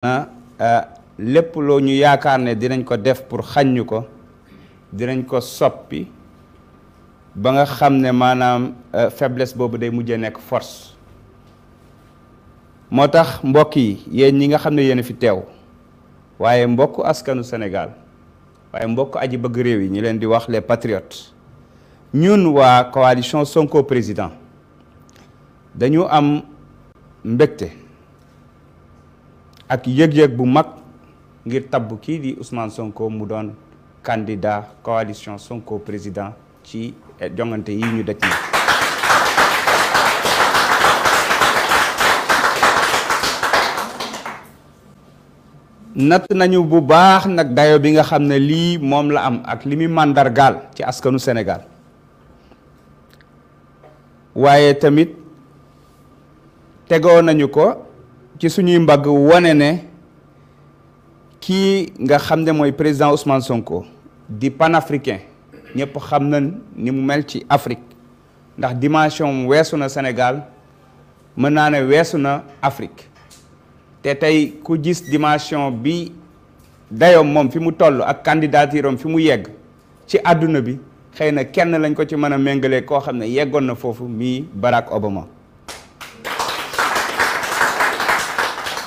na ah, ah, lépp loo ñu yaakaar ne dinañ ko def pour xañ ñu ko dinañ ko soppi ba nga xam ne maanaam ah, faiblesse boobu day mujjee nekk force moo tax mbokk yi yéen ñi nga xam ne yéen fi teew waaye mbokk askanu Sénégal waaye mbokk aji bëgg réew yi ñu leen di wax les patriotes ñun waa coalition Sonko président dañu am mbégte ak yëg-yëg bu mag ngir tabb kii di Ousmane Sonko mu doon candidat coalition Sonko président ci eh, jongante yi ñu daj natt nañu bu baax nag dayo bi nga xam ne lii moom la am ak li muy màndargaal ci askanu Sénégal waaye tamit tegoo nañu ko ci suñuy mbagg wane ne kii nga xam ne mooy président Ousmane Sonko di panafricain ñëpp xam na ni mu mel ci Afrique ndax dimension weesu na Sénégal mën naa ne weesu na Afrique te tey ku gis dimension bi dayoom moom fi mu toll ak candidature fi mu yegg ci àdduna bi xëy na kenn lañ ko ci mën a méngalee koo xam ne yeggoon na foofu mii Barack Obama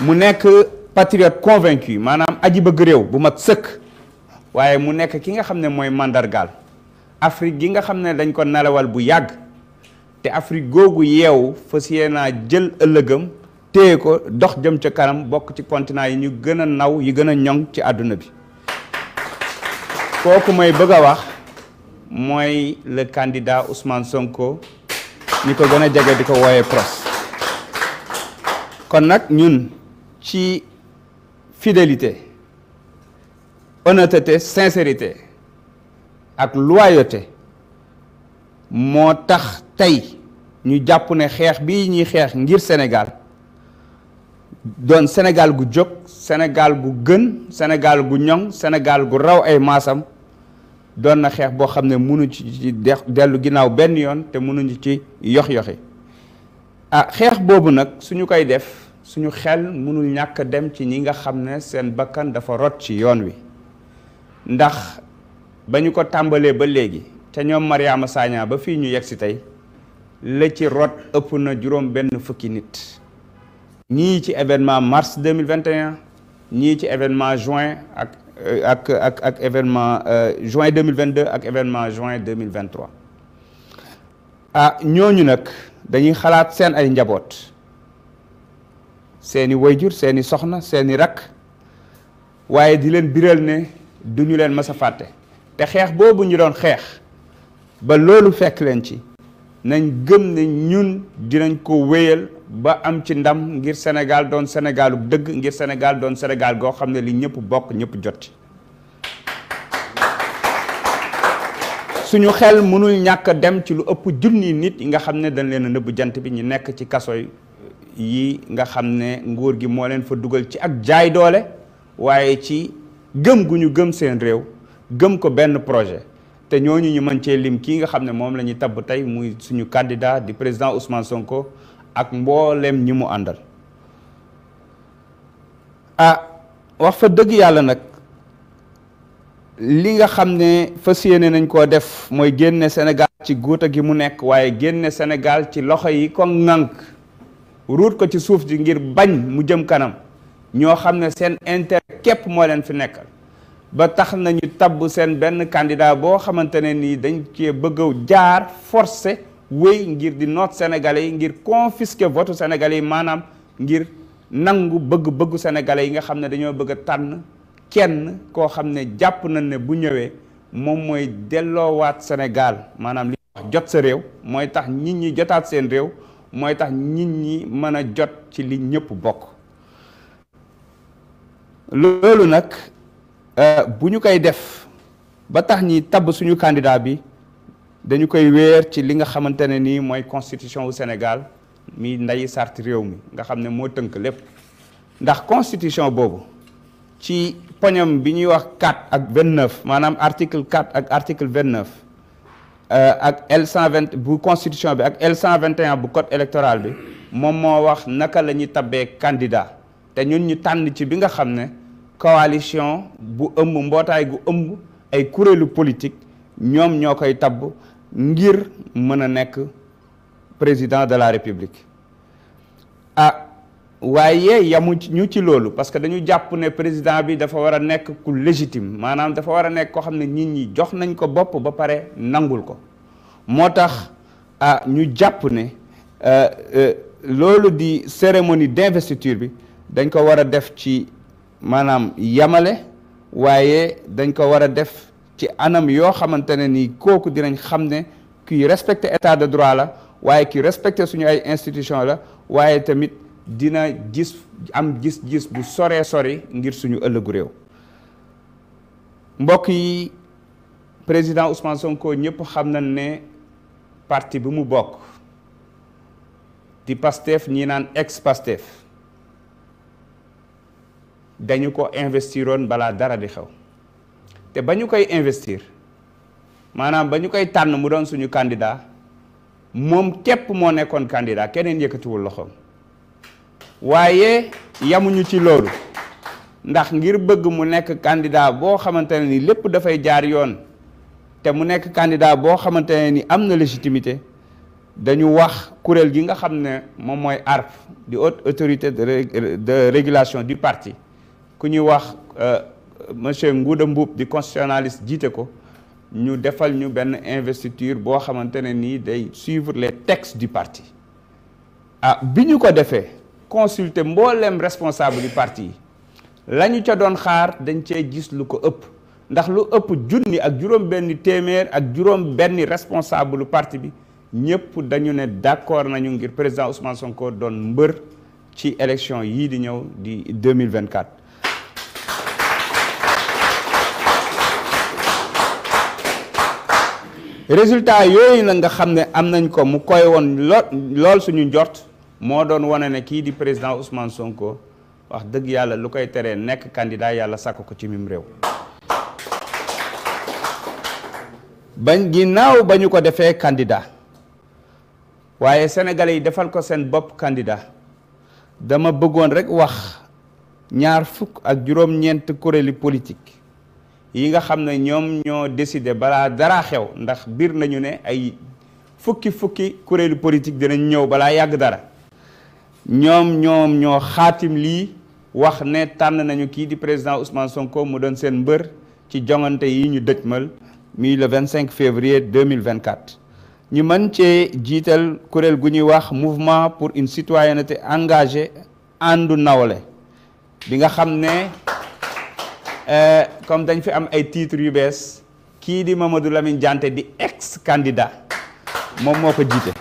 mu nekk patriote convaincu maanaam aji bëgg réew bu mat sëkk waaye mu nekk ki nga xam ne mooy mandargaal Afrique gi nga xam ne dañ ko nalawal bu yàgg te Afrique googu yeewu fas naa jël ëllëgam téye ko dox jëm ca kanam bokk ci continent yi ñu gën a naw yi gën a ñoŋ ci àdduna bi kooku may bëgg a wax mooy le candidat Ousmane Sonko ñi ko gën a jege di ko wooyee PROS kon nag ñun ci fidélité honnêteté sincérité ak loyauté moo tax tey ñu jàpp ne xeex bii ñuy xeex ngir Sénégal doon Sénégal gu jóg Sénégal gu gën Sénégal gu ñoŋ Sénégal gu raw ay maasam doon na xeex boo xam ne mënu ci dellu ginnaaw benn yoon te mënuñu ci yox-yoxi ah xeex boobu nag suñu koy def suñu xel mënul ñàkk dem ci ñi nga xam ne seen bakkan dafa rot ci yoon wi ndax bañu ko tàmbalee ba léegi te ñoom Mariama Sagna ba fii ñu yegg si tey la ci rot ëpp na juróom benn fukki nit ñii ci événement mars 2021 ñii ci événement juin ak euh, ak ak ak événement euh, juin 2022 ak événement juin 2023 ah ñooñu nag dañuy xalaat seen ay njaboot seeni wayjur seeni soxna seeni rakk waaye di leen biral ne du ñu leen mës a fàtte te xeex boobu ñu doon xeex ba loolu fekk leen ci nañ gëm ne ñun dinañ ko wéyal ba am ci ndam ngir Sénégal doon Sénégalu dëgg ngir Sénégal doon Sénégal goo xam ne li ñëpp bokk ñëpp jot ci suñu xel mënul ñàkk dem ci lu ëpp junni nit yi nga xam ne dañ leen a nëbb jant bi ñu nekk ci kaso yi yi nga xam ne nguur gi moo leen fa dugal ci ak jaay doole waaye ci gëm gu ñu gëm seen réew gëm ko benn projet te ñooñu ñu mën cee lim kii nga xam ne moom lañuy ñuy tabb tey muy suñu candidat di président Ousmane Sonko ak mbooleem ñi mu àndal ah wax fa dëgg yàlla nag li nga xam ne fas yéene nañ koo def mooy génne Sénégal ci guuta gi mu nekk waaye génne Sénégal ci loxo yi ko ŋànk ruut ko ci suuf ji ngir bañ mu jëm kanam ñoo xam ne seen inter képp moo leen fi nekkal ba tax nañu ñu tabb seen benn candidat boo xamante ne nii dañ cee bëgg a jaar forcé wéy ngir di noot sénégalais yi ngir confisquer votu sénégalais yi maanaam ngir nangu bëgg-bëggu sénégalais yi nga xam ne dañoo bëgg a tànn kenn koo xam ne jàpp nañ ne bu ñëwee moom mooy delloowaat Sénégal maanaam li wax jot sa réew mooy tax nit ñi jotaat seen réew mooy tax nit ñi mën a jot ci li ñëpp bokk loolu nag euh, bu ñu koy def ba tax ñi tabb suñu candidat bi dañu koy wéer ci li nga xamante ne nii mooy constitution wu Sénégal mi ndayi sart réew mi nga xam ne moo tënk lépp ndax constitution boobu ci poñam bi ñuy wax 4 ak 29 maanaam article 4 ak article 29 Euh, ak L 120 bu constitution bi ak L 121 bu code électoral bi moom moo wax naka la ñuy tabbee candidat te ñun ñu tànn ci bi nga xam ne coalition bu ëmb mbootaay gu ëmb ay kuréelu politique ñoom ñoo koy tab ngir mën a nekk président de la république ah waaye yamu ñu ci loolu parce que dañu jàpp ne président bi dafa war a nekk ku légitime maanaam dafa war a nekk koo xam ne nit ñi jox nañ ko bopp ba pare nangul ko moo tax ah ñu jàpp ne euh, euh, loolu di cérémonie d'investiture bi dañ ko war a def ci maanaam yamale waaye dañ ko war a def ci anam yoo xamante ne nii kooku dinañ xam ne kuy respecter état de droit la waaye ki respecter suñu ay institution la waaye tamit dina gis am gis-gis bu soree sori ngir suñu ëllëgu réew mbokk yi président Ousmane Sonko ñëpp xam nañ ne parti bi mu bokk di Pastef ñi naan ex Pastef dañu ko investiroon balaa dara di xew te ba ñu koy investir maanaam ba ñu koy tànn mu doon suñu candidat moom képp moo nekkoon candidat keneen yëkkatiwul loxoom waaye yamuñu ci loolu ndax ngir bëgg mu nekk candidat boo xamante ne ni lépp dafay jaar yoon te mu nekk candidat boo xamante ne ni am na légitimité dañu wax kuréel gi nga xam ne moom mooy ARP di haute autorité de régulation du parti ku ñuy wax euh, monsieur Ngouda Mboup di constitutionnaliste jiite ko ñu defal ñu benn investiture boo xamante ne nii day suivre les textes du parti ah bi ñu ko defee consulter mbooleem responsable du parti la ñu ca doon xaar dañ cee gis lu ko ëpp ndax lu ëpp junni ak juróom benni téeméer ak juróom benni responsable lu parti bi ñëpp dañu ne d'accord nañu ngir président Ousmane Sonko doon mbër ci élection yii di ñëw di 2024 résultat yooyu la nga xam ne am nañ ko mu koy woon lool lool suñu njort moo doon wane ne kii di président Ousmane Sonko wax dëgg yàlla lu koy teree nekk candidat yàlla sàkk ko ci mim réew. bañ ginnaaw ba ñu ko defee candidat waaye sénégalais yi defal ko seen bopp candidat dama bëggoon rekk wax ñaar fukk ak juróom-ñeent kuréeli politique yi nga xam ne ñoom ñoo décidé balaa dara xew ndax biir nañu ne ay fukki fukki kuréelu politique dinañ ñëw balaa yàgg dara. ñoom ñoom ñoo xaatim lii wax ne tànn nañu kii di président Ousmane Sonko mu doon seen mbër ci jongante yi ñu dëjmal muy le 25 février 2024 ñu mën cee jiital kuréel gu ñuy wax mouvement pour une citoyenneté engagé àndu nawle bi nga xam ne euh, comme dañ fi am ay titres yu bees kii di Mamadou Lamine Diante di ex candidat moom moo ko jiite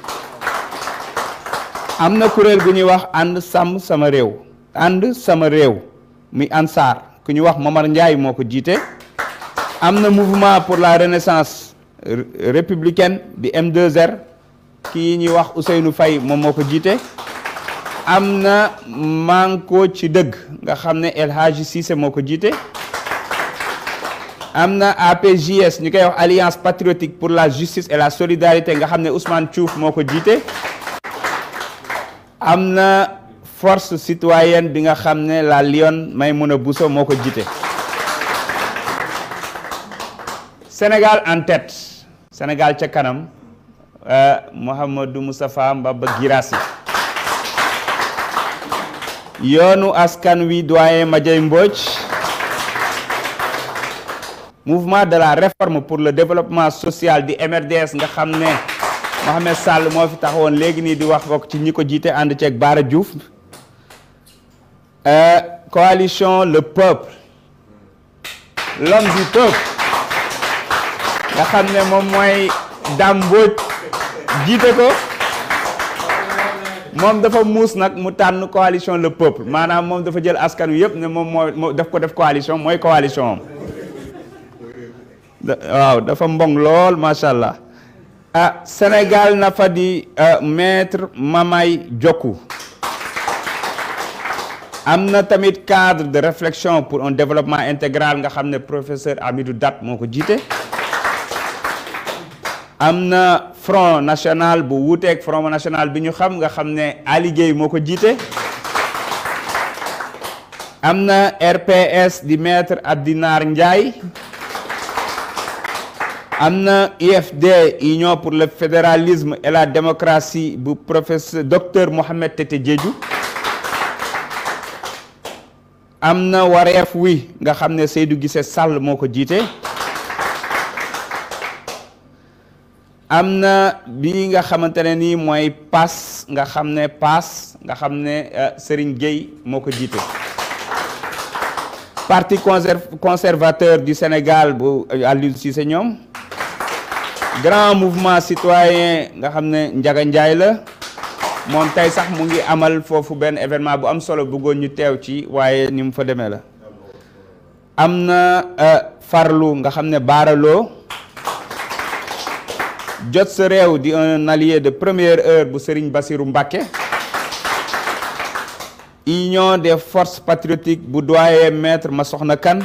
am na kuréel gu ñuy wax ànd sàmm sama réew ànd sama réew muy ANSAR ku ñuy wax Momar Ndiaye moo ko jiite am na mouvement pour la renaissance républicaine di m 2 kii ñuy wax nu fay moom moo ko jiite am na manko ci dëgg nga xam ne El Hadji moo ko jiite am na APJS ñu koy wax alliance patriotique pour la justice et la solidarité nga xam ne Ousmane Diouf moo ko jiite am na force citoyenne bi nga xam ne la Lyon Maïmouna Bousso moo ko jiite Sénégal en tête Sénégal ca kanam euh, Mouhamadou Moustapha Mbaba Guirassy yoonu askan wi doyen Madiaye Mbodj mouvement de la réforme pour le développement social di MRDS nga xam ne Mohamed Sall moo fi taxawoon léegi nii di wax bokk ci ñi ko jiite ànd ceeg Bara Diouf euh, coalition le peuple l'homme du peuple nga xam ne moom mooy dàmbooj jiite ko moom dafa muus nag mu tànn coalition le peuple maanaam moom dafa jël askan wi yëpp ne moom moo daf ko def coalition mooy coalition am waaw dafa mbong lool macha allah. ah Sénégal na fa di ah, maître Mamay Diokou am na tamit cadre de réflexion pour un développement intégral nga xam ne professeur Amidou Dat moo ko jiite am na front national bu wuuteeg front national bi ñu xam nga xam ne Ali moo ko jiite am na RPS di maître Abdinar Ndiaye am na UFD Union pour le fédéralisme et la démocratie bu professeur docteur Mohamed Tete Diédhiou am na wareef wi nga xam ne Seydou Guissé Sall moo ko jiite am na bi nga xamante ne nii mooy paas nga xam ne paas nga xam ne euh, Serigne Gueye moo ko jiite parti conservateur du Sénégal bu euh, Aliou Cissé ñoom grand mouvement citoyen nga xam ne Njaga Njaay la moom tey sax mu ngi amal foofu benn événement bu am solo bëggoon ñu teew ci waaye ni mu fa demee la am na euh, farlu nga xam ne baaraloo jot sa réew di un allié de première heure bu Serigne Bassirou Mbacké union des forces patriotiques bu doyen ma soxna Kane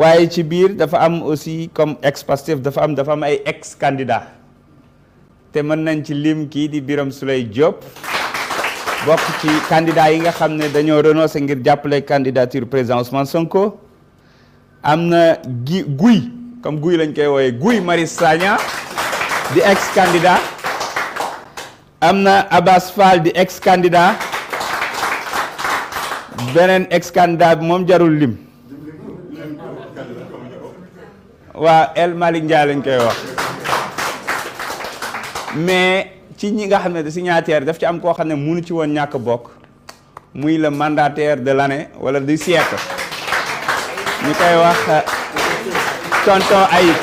waaye ci biir dafa am aussi comme ex Pastef dafa am dafa am ay ex candidat te mën nañ ci lim kii di Birame Souleye Diop bokk ci candidat yi nga xam ne dañoo renoncé ngir jàppale candidature président Ousmane Sonko am na gi guy comme guy lañ koy wooyee guy Marius Sagna di ex candidat am na Abbas Fall di ex candidat beneen ex candidat bi moom jarul lim waaw El Malick lañ koy wax mais ci ñi nga xam ne signataire daf ci am koo xam ne mënu ci woon ñàkk bokk muy le mandataire de l'année wala du siècle ñu koy wax euh, tonton Ayib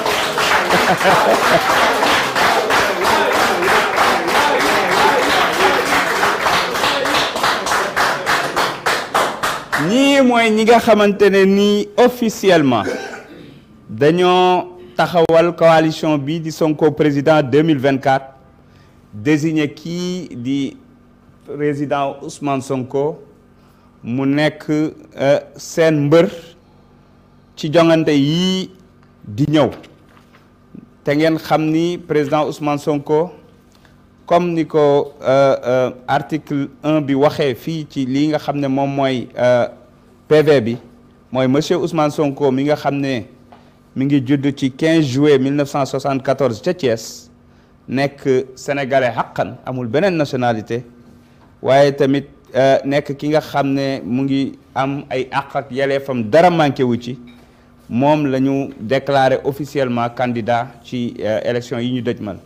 ñii mooy ñi nga xamante ne nii officiellement dañoo taxawal coalition bi di Sonko président 2024 désigné kii di président Ousmane Sonko mu nekk euh, seen mbër ci jongante yii di ñëw te ngeen xam ni président Ousmane Sonko comme ni ko euh, euh, article 1 bi waxee fii ci lii nga xam ne moom mooy PV bi mooy monsieur Ousmane Sonko mi nga xam ne mi ngi judd ci 15 juillet 1974 ca Thiès nekk sénégalais xaqan amul beneen nationalité waaye tamit euh, nekk ki nga xam ne mu ngi am ay àq ak fam dara manqué wu ci moom la ñu déclaré officiellement candidat ci euh, élection yi ñu dëjmal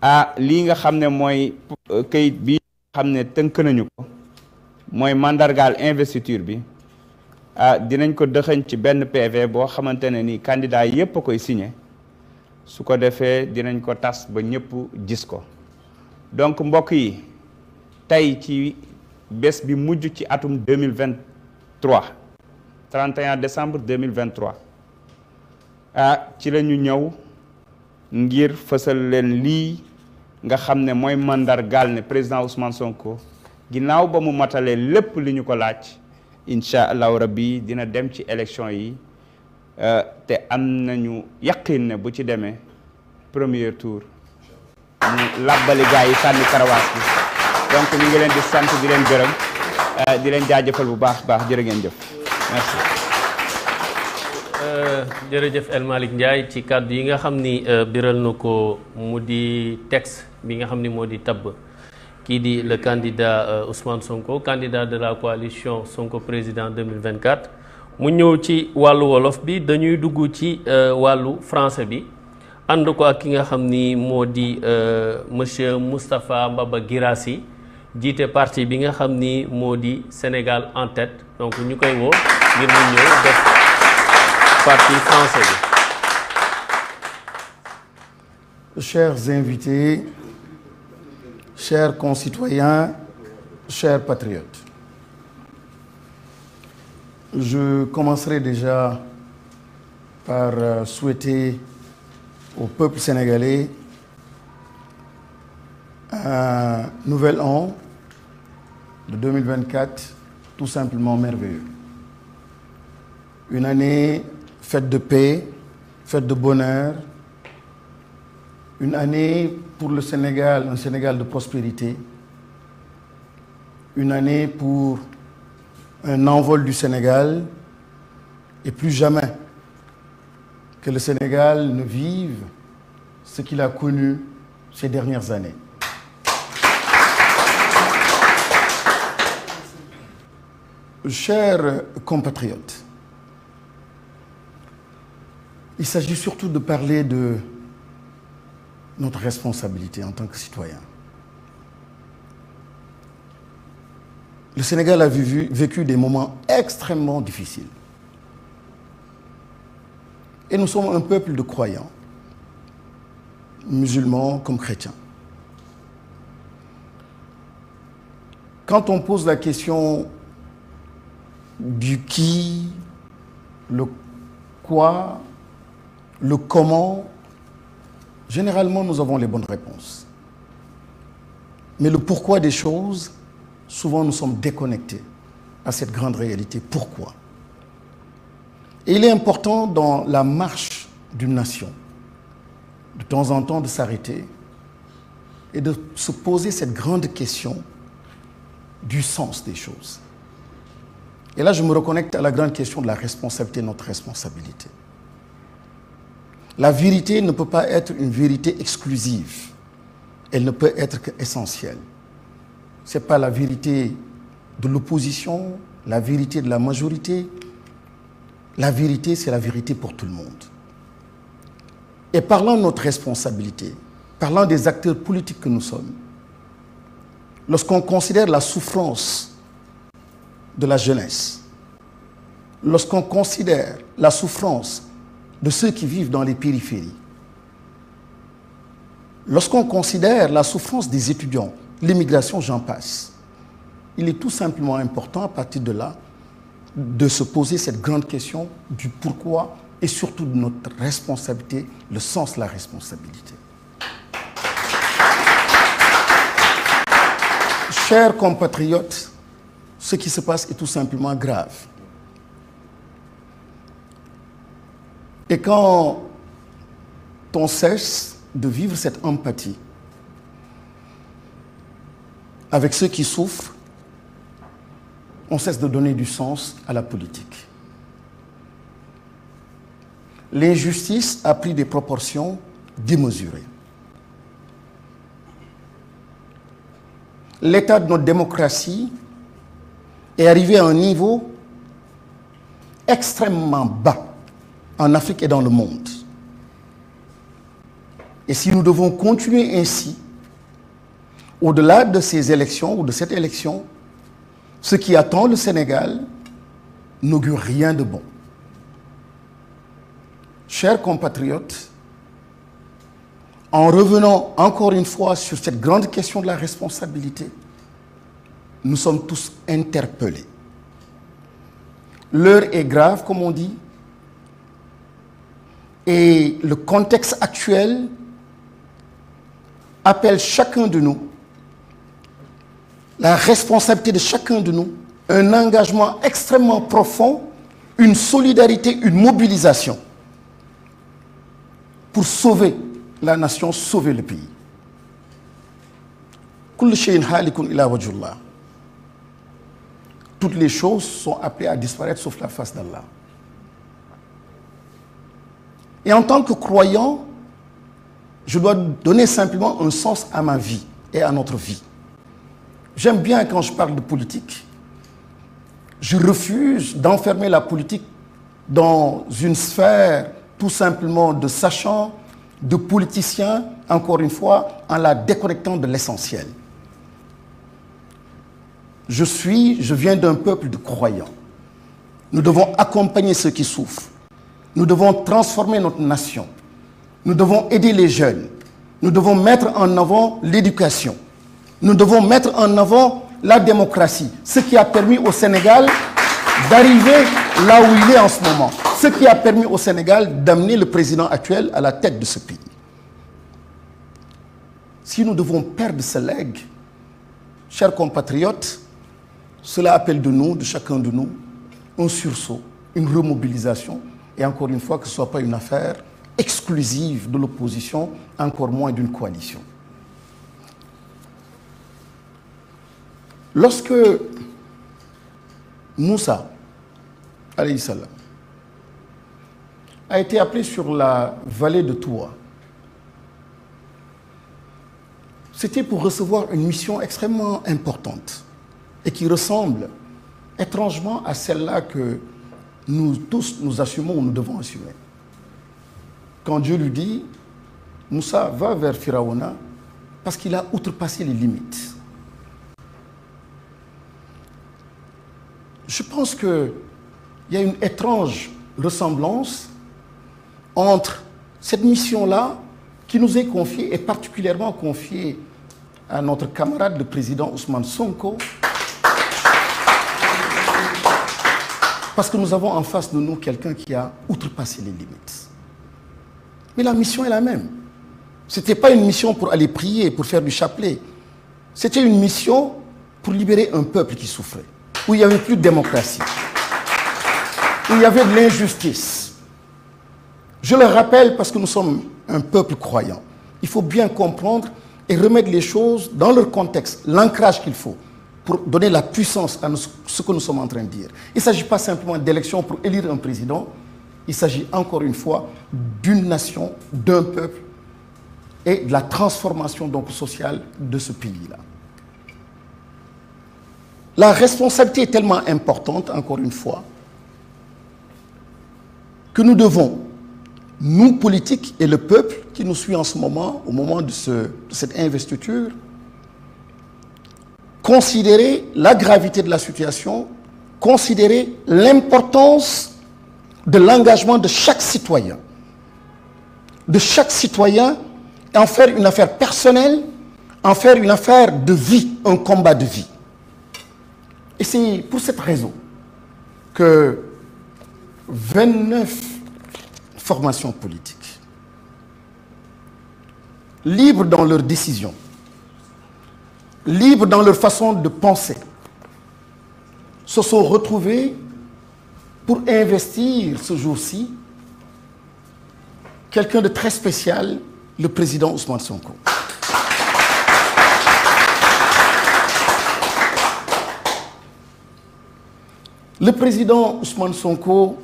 ah lii nga xam ne mooy euh, këyit bi nga xam ne tënk nañu ko mooy mandargaal investiture bi ah dinañ ko dëxëñ ci benn PV boo xamante ne ni candidat yépp a koy signé su ko defee dinañ ko tas ba ñëpp gis ko donc mbokk yi tey ci bés bi mujj ci atum 2023 31 décembre 2023 ah ci lañu ñëw ngir fësal leen lii nga xam ne mooy mandargaal ne président Ousmane Sonko ginnaaw ba mu matalee lépp li ñu ko laaj incha allahu rabbi dina dem ci élection yi euh, te am nañu yaqin ne bu ci demee premier tour ñu làbbali gars yi sànni karawaas bi donc ñu ngi leen di sant di leen gërëm euh, di leen jaajëfal bu baax baax jërë ngeen jëf euh, jërëjëf El Malick ci kàddu yi nga xam ni biral na ko mu di texte bi nga xam ni moo di tabb kii di le candidat euh, Ousmane Sonko candidat de la coalition Sonko président 2024 mu ñëw ci wàllu wolof bi dañuy dugg ci euh, wàllu français bi ànd ko ak ki nga xam ni moo di euh, monsieur Moustapha Mbaba Guirassy jiite parti bi nga xam ni moo di Sénégal en tête donc ñu koy woo ngir mu ñëw def parti français bi. chers concitoyens, chers patriotes, je commencerai déjà par euh, souhaiter au peuple sénégalais un nouvel an de 2024 tout simplement merveilleux. Une année faite de paix, faite de bonheur, une année pour le Sénégal, un Sénégal de prospérité, une année pour un envol du Sénégal, et plus jamais que le Sénégal ne vive ce qu'il a connu ces dernières années. Chers compatriotes, il s'agit surtout de parler de notre responsabilité en tant que citoyen. Le Sénégal a vécu, vécu des moments extrêmement difficiles. Et nous sommes un peuple de croyants, musulmans comme chrétiens. Quand on pose la question du qui, le quoi, le comment, Généralement, nous avons les bonnes réponses. Mais le pourquoi des choses, souvent nous sommes déconnectés à cette grande réalité. Pourquoi? Et il est important dans la marche d'une nation, de temps en temps, de s'arrêter et de se poser cette grande question du sens des choses. Et là, je me reconnecte à la grande question de la responsabilité, notre responsabilité. La vérité ne peut pas être une vérité exclusive. Elle ne peut être qu'essentielle. Ce n'est pas la vérité de l'opposition, la vérité de la majorité. La vérité, c'est la vérité pour tout le monde. Et parlant de notre responsabilité, parlant des acteurs politiques que nous sommes, lorsqu'on considère la souffrance de la jeunesse, lorsqu'on considère la souffrance de ceux qui vivent dans les périphéries. Lorsqu'on considère la souffrance des étudiants, l'immigration, j'en passe, il est tout simplement important à partir de là de se poser cette grande question du pourquoi et surtout de notre responsabilité, le sens de la responsabilité. Chers compatriotes, ce qui se passe est tout simplement grave. Et quand on cesse de vivre cette empathie avec ceux qui souffrent, on cesse de donner du sens à la politique. L'injustice a pris des proportions démesurées. L'état de notre démocratie est arrivé à un niveau extrêmement bas en Afrique et dans le monde. Et si nous devons continuer ainsi, au-delà de ces élections ou de cette élection, ce qui attend le Sénégal n'augure rien de bon. Chers compatriotes, en revenant encore une fois sur cette grande question de la responsabilité, nous sommes tous interpellés. L'heure est grave, comme on dit, Et le contexte actuel appelle chacun de nous, la responsabilité de chacun de nous, un engagement extrêmement profond, une solidarité, une mobilisation pour sauver la nation, sauver le pays. Toutes les choses sont appelées à disparaître sauf la face d'Allah. Et en tant que croyant, je dois donner simplement un sens à ma vie et à notre vie. J'aime bien quand je parle de politique. Je refuse d'enfermer la politique dans une sphère tout simplement de sachants, de politiciens, encore une fois, en la déconnectant de l'essentiel. Je suis, je viens d'un peuple de croyants. Nous devons accompagner ceux qui souffrent. Nous devons transformer notre nation. Nous devons aider les jeunes. Nous devons mettre en avant l'éducation. Nous devons mettre en avant la démocratie, ce qui a permis au Sénégal d'arriver là où il est en ce moment, ce qui a permis au Sénégal d'amener le président actuel à la tête de ce pays. Si nous devons perdre ce legs, chers compatriotes, cela appelle de nous, de chacun de nous, un sursaut, une remobilisation et encore une fois que ce ne soit pas une affaire exclusive de l'opposition, encore moins d'une coalition. Lorsque Moussa, alayhi salam, a été appelé sur la vallée de Toua, c'était pour recevoir une mission extrêmement importante et qui ressemble étrangement à celle-là que nous tous, nous assumons, nous devons assumer. Quand Dieu lui dit, Moussa, va vers Firaona, parce qu'il a outrepassé les limites. Je pense qu'il y a une étrange ressemblance entre cette mission-là qui nous est confiée, et particulièrement confiée à notre camarade le président Ousmane Sonko, Parce que nous avons en face de nous quelqu'un qui a outrepassé les limites. Mais la mission est la même. Ce n'était pas une mission pour aller prier, pour faire du chapelet. C'était une mission pour libérer un peuple qui souffrait, où il n'y avait plus de démocratie, où il y avait de l'injustice. Je le rappelle parce que nous sommes un peuple croyant. Il faut bien comprendre et remettre les choses dans leur contexte, l'ancrage qu'il faut. pour donner la puissance à nous, ce que nous sommes en train de dire. Il ne s'agit pas simplement d'élections pour élire un président, il s'agit encore une fois d'une nation, d'un peuple et de la transformation donc sociale de ce pays-là. La responsabilité est tellement importante, encore une fois, que nous devons, nous politiques et le peuple qui nous suit en ce moment, au moment de, ce, de cette investiture, considérer la gravité de la situation, considérer l'importance de l'engagement de chaque citoyen, de chaque citoyen, et en faire une affaire personnelle, en faire une affaire de vie, un combat de pour cette raison que 29 formations politiques, libres dans leurs décisions, libres dans leur façon de penser, se sont retrouvés pour investir ce jour-ci quelqu'un de très spécial, le président Ousmane Sonko. Le président Ousmane Sonko